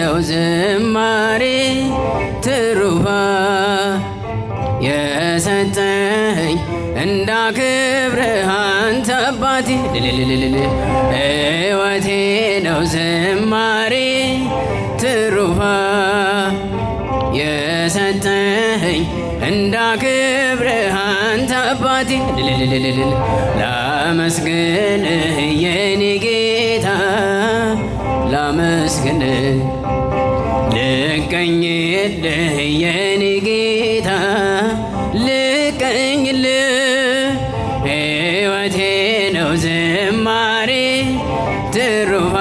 ነው ዝማሬ ትሩፋ የሰጠኝ እንዳክብርህ አንተ አባቴ ሕይወቴ ነው ዝማሬ ትሩፋ የሰጠኝ እንዳክብርህ አንተ አባቴ ላመስግንህ ላመስግን ልቀኝልህ የኔ ጌታ ልቀኝል ሕይወቴ ነው ዝማሬ ትሩፋ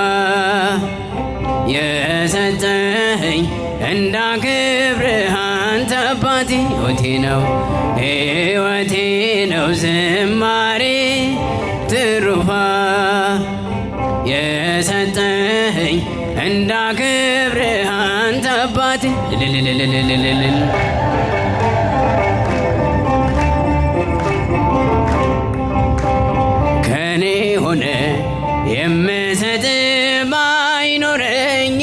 የሰጠኸኝ እንዳከብርህ አንተ አባቴ ሕይወቴ ነው ሕይወቴ ነው ዝማ ከኔ ሆነ የምሰጥ ባይኖረኝ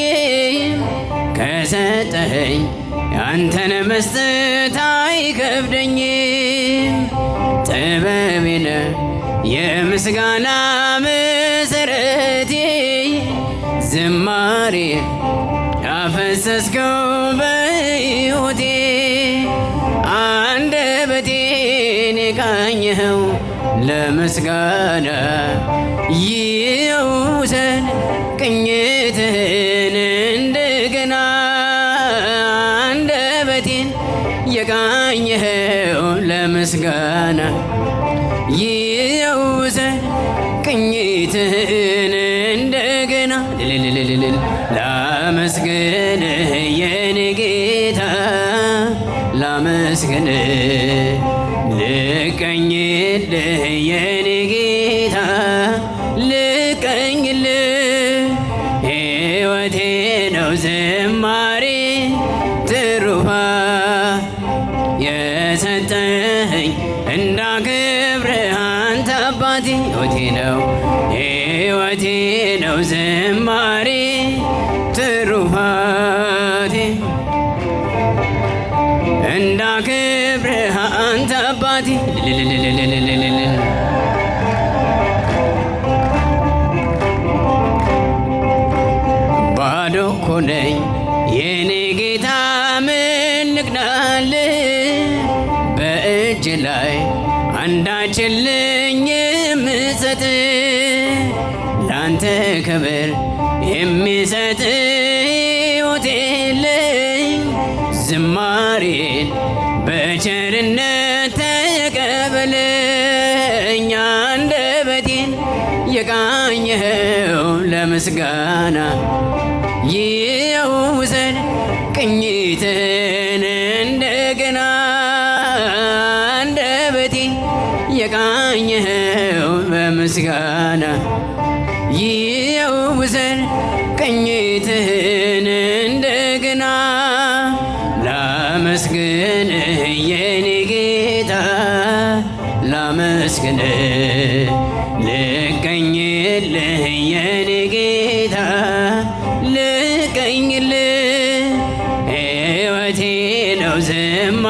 ከሰጠኸኝ ያንተን መስጠት አይከብደኝም። ጥበቤ ነህ የምስጋና መሰረቴ ዝማሬ ምስጋና ይውሰን ቅኝትህን እንደገና አንደበቴን የቃኘኸው ለምስጋና ይውሰን ቅኝትህን እንደገና ልልልልልል ላመስግንህ የኔ ጌታ ላመስግንህ ልቀኝልህ የኔ ጌታ ልቀኝልህ፣ ሕይወቴ ነው ዝማሬ ትሩፋ የሰጠኸኝ እንዳከብርህ አንተ አባቴ ሕይወቴ ነው ሕይወቴ ነው ዝማሬ ትሩፋቴ አባቴ ባዶ እኮ ነኝ የኔ ጌታ ምን ንቅናል በእጅ ላይ አንዳች የለኝ የምሰጥ ላንተ ክብር የሚሰጥ ሕይወት ዝማሬን በቸርነት ምስጋና ይውሰድ ቅኝትን እንደገና አንደበቴ የቃኘኸው በምስጋና ይውሰድ ቅኝትህን እንደገና ላመስግን የኔ ጌታ ላመስግን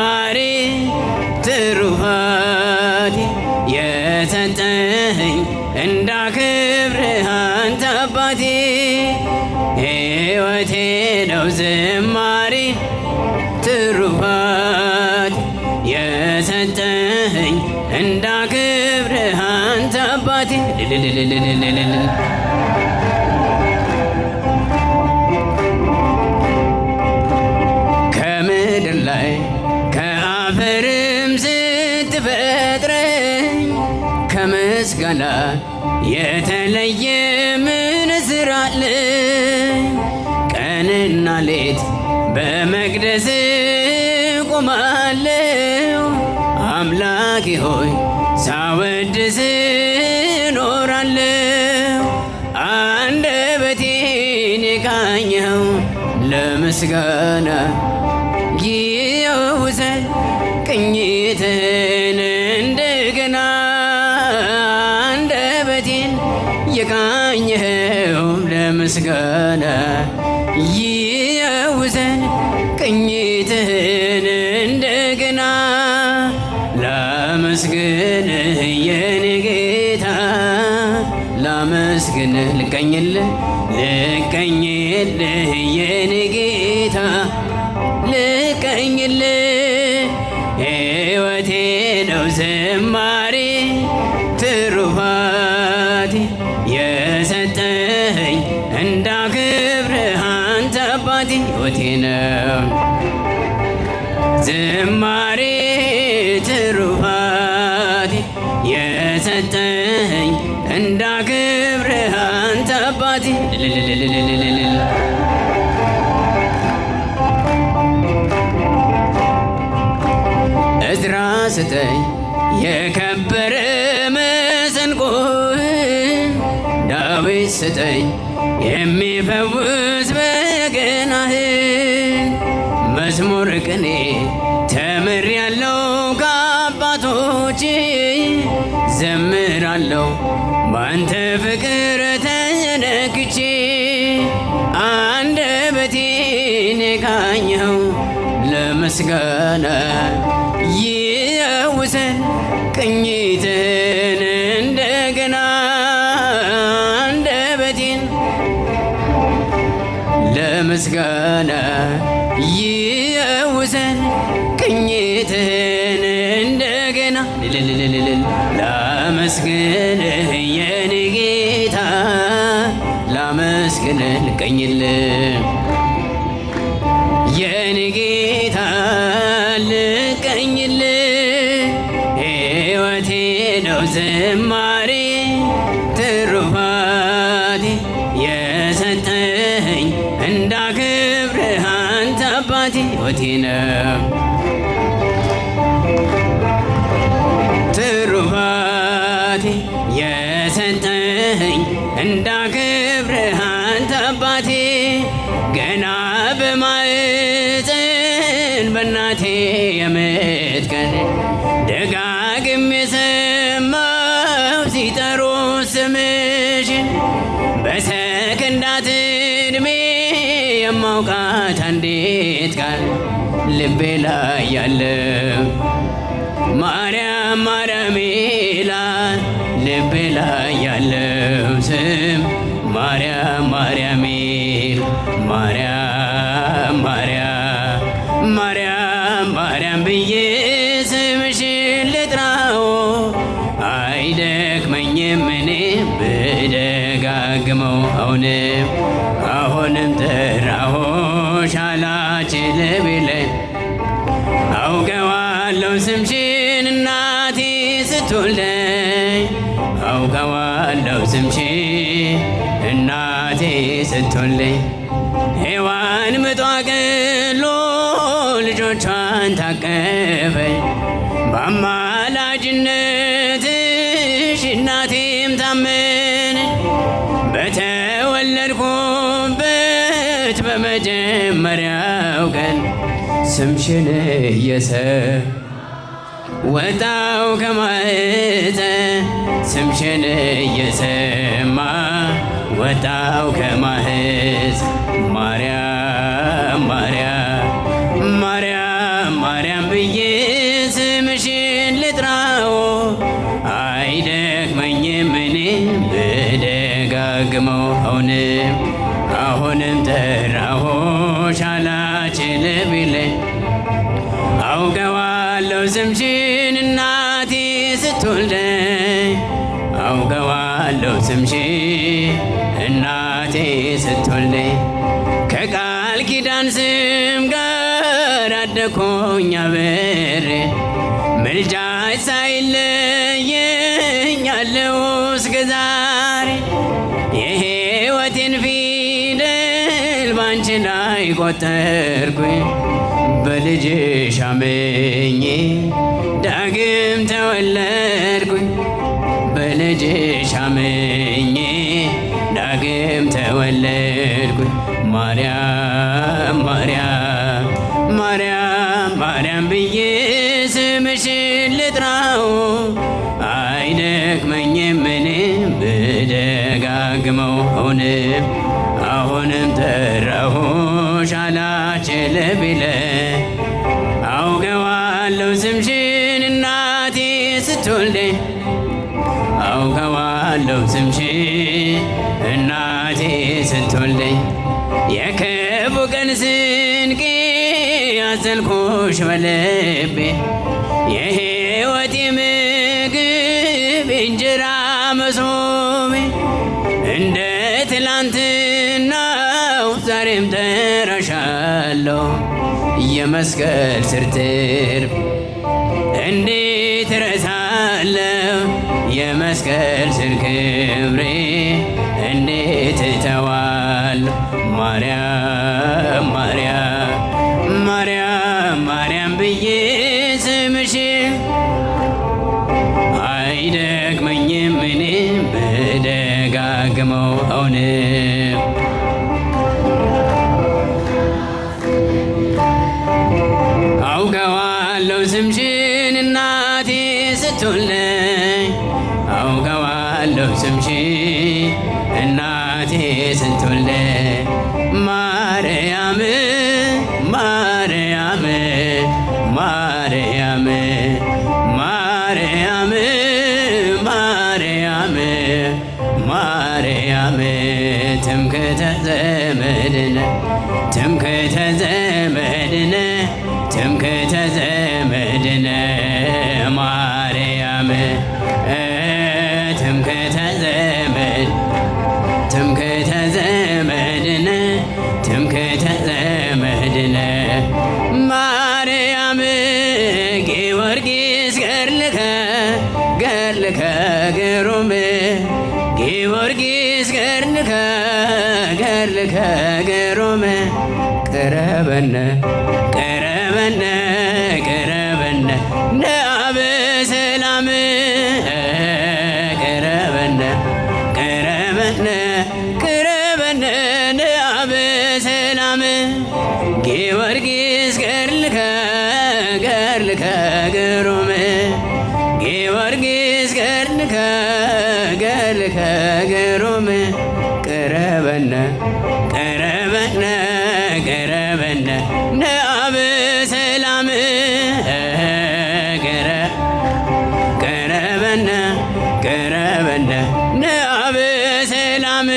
ፈጣሪ ትሩፋቴ የተጠኸኝ እንዳ ይሻላል። የተለየ ምን ስራ አለን? ቀንና ሌት በመቅደስ ቆማለሁ። አምላክ ሆይ ሳወድስ ኖራለሁ። አንደበቴን የቃኘው ለምስጋና ላመስግንህ የኔ ጌታ ላመስግንህ ልቀኝል ልቀኝልህ የኔ ጌታ ልቀኝልህ ሕይወቴ ነው ዝማሬ ትሩፋቴ የሰጠኸኝ እንዳከብርህ አንተ አባቴ ሕይወቴ ነው ዝማሬ ትሩ እንዳክብር አንተ አባቴ እዝራ ስጠኝ የከበረ መሰንቆ ዳዊት ስጠኝ የሚፈውስ በገናህ መዝሙር ቅኔ ተምር ያለው ከአባቶች ዘምራለው ባንተ ፍቅር ተነክቼ አንደበቴን ቃኘው ለምስጋና ይየውሰን ቅኝትህ የኔ ጌታ ልቀኝል ሕይወቴ ነው ዝማ አባቴ ገና በማህፀን በእናቴ የምትቀን ደጋግሜ ሰማሁ ሲጠሩ ስምሽን በሰከንዳት እድሜ የማውቃት አንዲት ቃል ልቤ ላይ ያለ ማርያም ማርያም ይላል ልቤ ላይ ያለው ስምሽን እናቴ ስትለኝ አውቀዋለሁ ስምሽን እናቴ ስትለኝ ሔዋን ምጧ ቀሎ ልጆቿን ታቀፈኝ በአማላጅነትሽ እናቴም ታመነ በተወለድኩበት በመጀመሪያው ቀን ስምሽን እየሰ ወጣው ከማዕፀ ስምሽን እየሰማ ወጣው ከማዕፀ ማርያም ማርያም ማርያም ማርያም ብዬ ስምሽን ልጥራው አይደክመኝም እኔ ብደጋግመው አሁንም አሁንም ጠራሁሽ አላችልም ይለኝ አውቀዋለሁ ስትወልደኝ አውቀዋለሁ ስምሽን እናቴ ስትወልደኝ ከቃል ኪዳን ስም ጋር አደኩኝ አብሬ ምልጃሽ ሳይለየኝ አለው እስከ ዛሬ የሕይወቴን ፊደል ባንቺ ላይ ቆጠርኩኝ በልጅሽ አምኜ ዳግም ተወለድኩኝ በልጅሽ አምኜ ዳግም ተወለድኩኝ ማርያም ማርያም ማርያም ማርያም ብዬ ስምሽን ልጥራው አይደክመኝም ምንም ብደጋግመው አሁንም አሁንም ጠራሁሽ አላችልም እናቴ ስትወልደኝ የክፉ ቀን ስንቅ ያዘልኩሽ በልቤ የሕይወቴ ምግብ እንጀራ መሶሜ እንደ ትላንትናው ዛሬም ጠራሻለሁ የመስቀል ስር ትርፍ እንዴት ረሳ አለው የመስቀል ስር ክብሬ እንዴት ተዋል ማርያም ማርያም ማርያም ማርያም ብዬ ስምሽ አይደግመኝም እኔ ብደጋግመው እውንም አውቀዋለሁ ስምሽ ተዘመድነ ትምክህተ ዘመድነ ትምክህተ ዘመድነ ማርያም ትምክህተ ዘመድ ትምክህተ ዘመድነ ትምክህተ ዘመድነ ማርያም ጊዮርጊስ ገድልከ ገድልከ ግሩም ጊዮርጊስ ገርልከ ገርልከ ገሮመ ቀረበነ ቀረበነ ቀረበነ ለአብ ሰላም ቀረበነ ቀረበነ ቀረበነ ለአብ ሰላም ጊዮርጊስ ገድልከ ገድልከ ገሮመ ጊዮርጊስ ገልከ ገልከ ገሮም ቀረበነ ቀረበነ ቀረበነ ነአብ ሰላም ገረ ቀረበነ ቀረበነ ነአብ ሰላም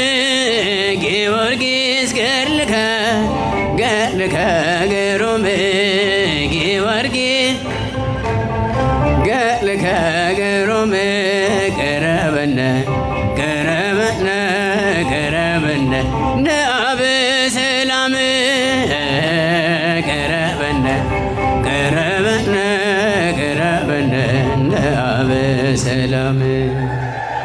ጊዮርጊስ ገልከ ገልከ ገሮም ጊዮርጊስ ገልከ ገሮም